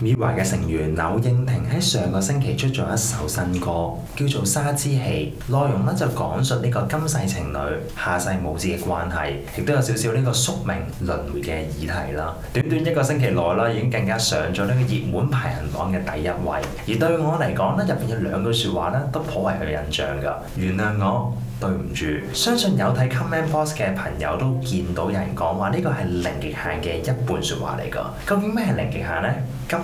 Mirror 嘅成員柳應廷喺上個星期出咗一首新歌，叫做《砂之器》，內容呢就講述呢個今世情侶下世母子嘅關係，亦都有少少呢個宿命輪迴嘅議題啦。短短一個星期內啦，已經更加上咗呢個熱門排行榜嘅第一位。而對我嚟講咧，入邊有兩句説話呢都頗為有印象㗎。原諒我，對唔住，相信有睇 Comment Box 嘅朋友都見到有人講話呢個係零極限嘅一半説話嚟㗎。究竟咩係零極限呢？今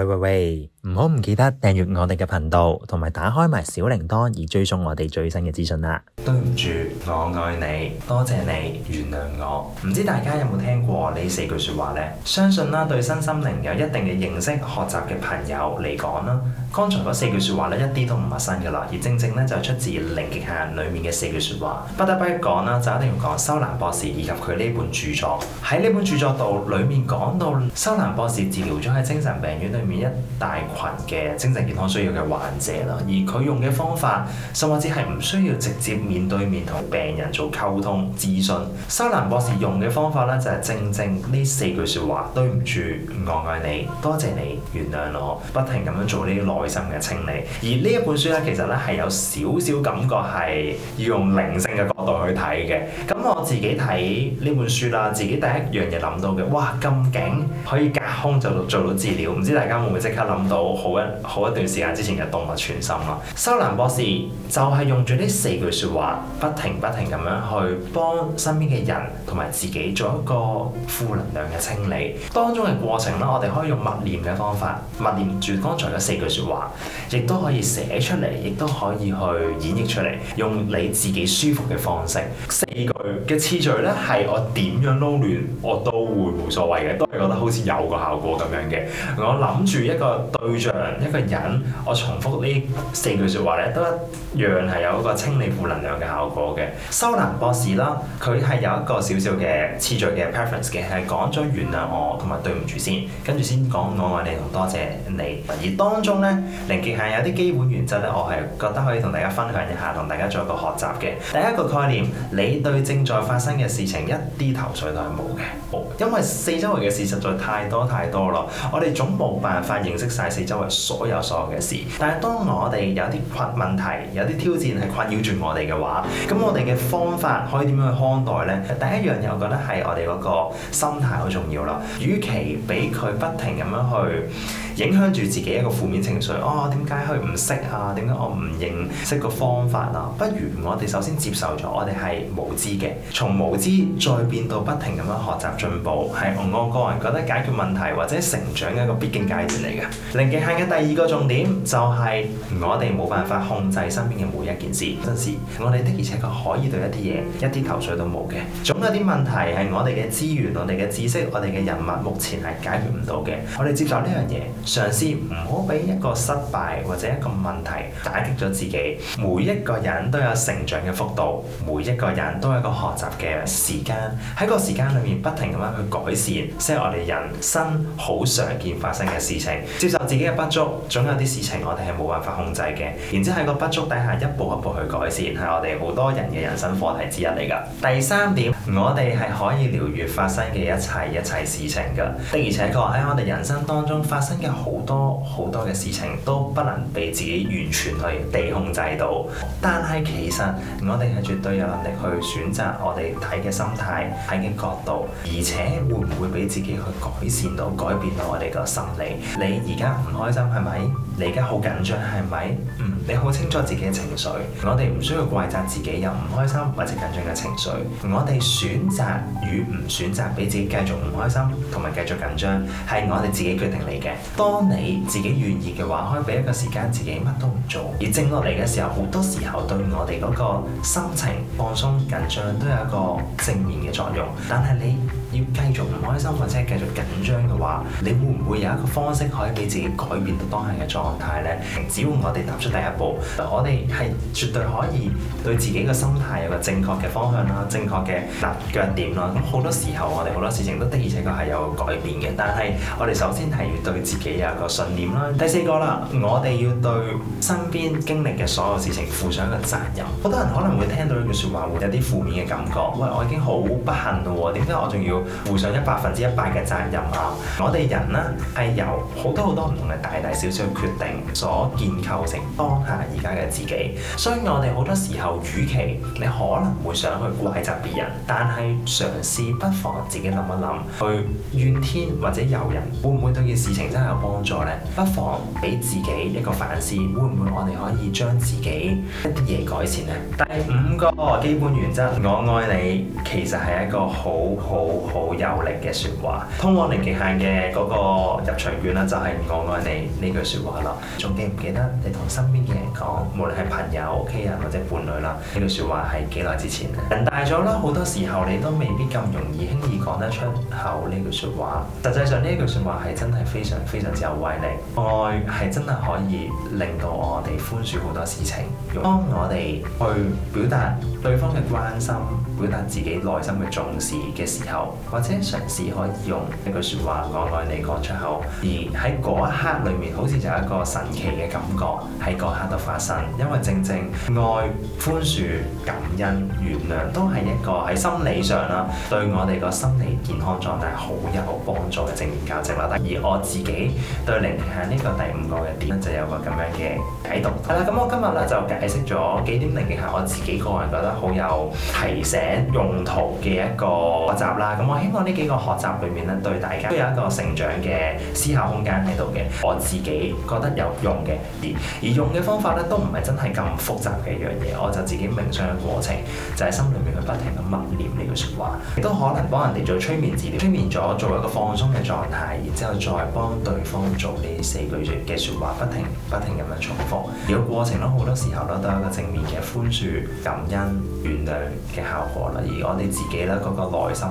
喂喂喂，唔好唔記得訂閱我哋嘅頻道，同埋打開埋小鈴鐺，而追蹤我哋最新嘅資訊啦。對唔住，我愛你，多謝你，原諒我。唔知大家有冇聽過呢四句說話呢？相信啦，對身心靈有一定嘅認識、學習嘅朋友嚟講啦，剛才嗰四句說話咧一啲都唔陌生噶啦，而正正咧就出自《零極限》裡面嘅四句說話。不得不講啦，就一定要講修藍博士以及佢呢本著作。喺呢本著作度裡面講到，修藍博士治療咗喺精神病院裡。一大群嘅精神健康需要嘅患者啦，而佢用嘅方法，甚至係唔需要直接面對面同病人做溝通諮詢。修蘭博士用嘅方法咧，就係、是、正正呢四句說話：對唔住，我愛，愛你，多謝你，原諒我。不停咁樣做呢啲內心嘅清理。而呢一本書咧，其實咧係有少少感覺係要用靈性嘅角度去睇嘅。咁我自己睇呢本書啦，自己第一樣嘢諗到嘅，哇咁勁，可以隔空就做，做到治療。唔知大家？會唔會即刻諗到好一好一段時間之前嘅動物傳心啊？修蘭博士就係用住呢四句説話，不停不停咁樣去幫身邊嘅人同埋自己做一個負能量嘅清理。當中嘅過程咧，我哋可以用默念嘅方法，默念住剛才嘅四句説話，亦都可以寫出嚟，亦都可以去演繹出嚟，用你自己舒服嘅方式。四句嘅次序咧，係我點樣撈亂我，會無所謂嘅，都係覺得好似有個效果咁樣嘅。我諗住一個對象，一個人，我重複呢四句説話咧，都一樣係有一個清理負能量嘅效果嘅。修藍博士啦，佢係有一個小小嘅次序嘅 preference 嘅，係講咗原諒我同埋對唔住先，跟住先講我愛你同多謝你。而當中呢，零極限係有啲基本原則咧，我係覺得可以同大家分享一下，同大家做一個學習嘅。第一個概念，你對正在發生嘅事情一啲頭緒都係冇嘅。因為四周圍嘅事實在太多太多咯，我哋總冇辦法認識晒四周圍所有所有嘅事。但係當我哋有啲困問題、有啲挑戰係困擾住我哋嘅話，咁我哋嘅方法可以點樣去看待呢？第一樣嘢我覺得係我哋嗰個心態好重要啦。與其俾佢不停咁樣去。影響住自己一個負面情緒，哦，點解佢唔識啊？點解我唔認識個方法啊？不如我哋首先接受咗，我哋係無知嘅，從無知再變到不停咁樣學習進步，係我個人覺得解決問題或者成長嘅一個必經階段嚟嘅。零極限嘅第二個重點就係我哋冇辦法控制身邊嘅每一件事，真係我哋的而且確可以對一啲嘢一啲頭緒都冇嘅。總有啲問題係我哋嘅資源、我哋嘅知識、我哋嘅人物目前係解決唔到嘅，我哋接受呢樣嘢。嘗試唔好俾一個失敗或者一個問題打擊咗自己。每一個人都有成長嘅幅度，每一個人都有一個學習嘅時間。喺個時間裏面不停咁樣去改善，即係我哋人生好常見發生嘅事情。接受自己嘅不足，總有啲事情我哋係冇辦法控制嘅。然之後喺個不足底下一步一步去改善，係我哋好多人嘅人生課題之一嚟㗎。第三點。我哋係可以療癒發生嘅一切一切事情㗎，的而且確喺我哋人生當中發生嘅好多好多嘅事情都不能被自己完全去被控制到，但係其實我哋係絕對有能力去選擇我哋睇嘅心態、睇嘅角度，而且會唔會俾自己去改善到、改變到我哋個心理？ 你而家唔開心係咪？你而家好緊張係咪？嗯，你好清楚自己嘅情緒，我哋唔需要怪責自己有唔開心或者緊張嘅情緒，我哋。選擇與唔選擇，俾自己繼續唔開心同埋繼續緊張，係我哋自己決定嚟嘅。當你自己願意嘅話，可以俾一個時間自己乜都唔做，而靜落嚟嘅時候，好多時候對我哋嗰個心情放鬆緊張都有一個正面嘅作用。但係你繼續唔開心或者繼續緊張嘅話，你會唔會有一個方式可以俾自己改變到當下嘅狀態呢？只要我哋踏出第一步，我哋係絕對可以對自己嘅心態有個正確嘅方向啦、正確嘅立腳點啦。咁好多時候，我哋好多事情都的而且確係有改變嘅。但係我哋首先係要對自己有一個信念啦。第四個啦，我哋要對身邊經歷嘅所有事情負上一個責任。好多人可能會聽到呢句説話，會有啲負面嘅感覺。喂，我已經好不幸啦喎，點解我仲要？負上一百分之一百嘅責任啊！我哋人呢，係由好多好多唔同嘅大大小小嘅決定所建構成當下而家嘅自己，所以我哋好多時候，與其你可能會想去怪責別人，但係嘗試不妨自己諗一諗，去怨天或者尤人，會唔會對件事情真係有幫助呢？不妨俾自己一個反思，會唔會我哋可以將自己一啲嘢改善呢？第五個基本原則，我愛你其實係一個好好，好有力嘅説話，通往零極限嘅嗰個入場券啦，就是，就係我愛你呢句説話啦。仲記唔記得你同身邊嘅人講，無論係朋友、屋企人或者伴侶啦，呢句説話係幾耐之前？人大咗啦，好多時候你都未必咁容易輕易講得出口呢句説話。實際上呢句説話係真係非常非常之有威力，愛係真係可以令到我哋寬恕好多事情。當我哋去表達對方嘅關心，表達自己內心嘅重視嘅時候。或者嘗試可以用一句説話「我愛你」講出口，而喺嗰一刻裏面，好似就有一個神奇嘅感覺喺嗰刻度發生。因為正正愛、寬恕、感恩、原諒都係一個喺心理上啦，對我哋個心理健康狀態好有幫助嘅正面價值啦。而我自己對《零極限》呢個第五個嘅點就有個咁樣嘅解讀。係啦，咁我今日啦就解釋咗幾點《零極限》我自己個人覺得好有提醒用途嘅一個學習啦。咁我希望呢幾個學習裏面咧，對大家都有一個成長嘅思考空間喺度嘅。我自己覺得有用嘅，而而用嘅方法咧，都唔係真係咁複雜嘅一樣嘢。我就自己冥想嘅過程，就係心裏面去不停咁默念呢句説話。亦都可能幫人哋做催眠治療，催眠咗做一個放鬆嘅狀態，然之後再幫對方做呢四句嘅説話，不停不停咁樣重複。而個過程咧，好多時候咧，都有一個正面嘅寬恕、感恩、原諒嘅效果啦。而我哋自己咧，嗰個內心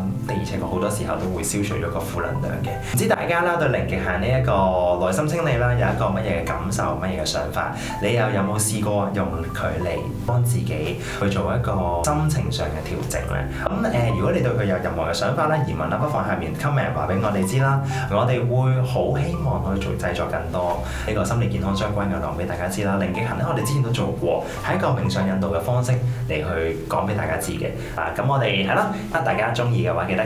其實好多時候都會消除咗個負能量嘅。唔知大家啦，對零極限呢一個內心清理啦，有一個乜嘢嘅感受、乜嘢嘅想法？你有有冇試過用佢嚟幫自己去做一個心情上嘅調整呢？咁誒、呃，如果你對佢有任何嘅想法咧、疑問啦，不妨下面 comment 話俾我哋知啦。我哋會好希望去做製作更多呢個心理健康相關嘅內容俾大家知啦。零極限呢，我哋之前都做過，係一個冥想引導嘅方式嚟去講俾大家知嘅。啊，咁我哋係啦，大家中意嘅話，記得。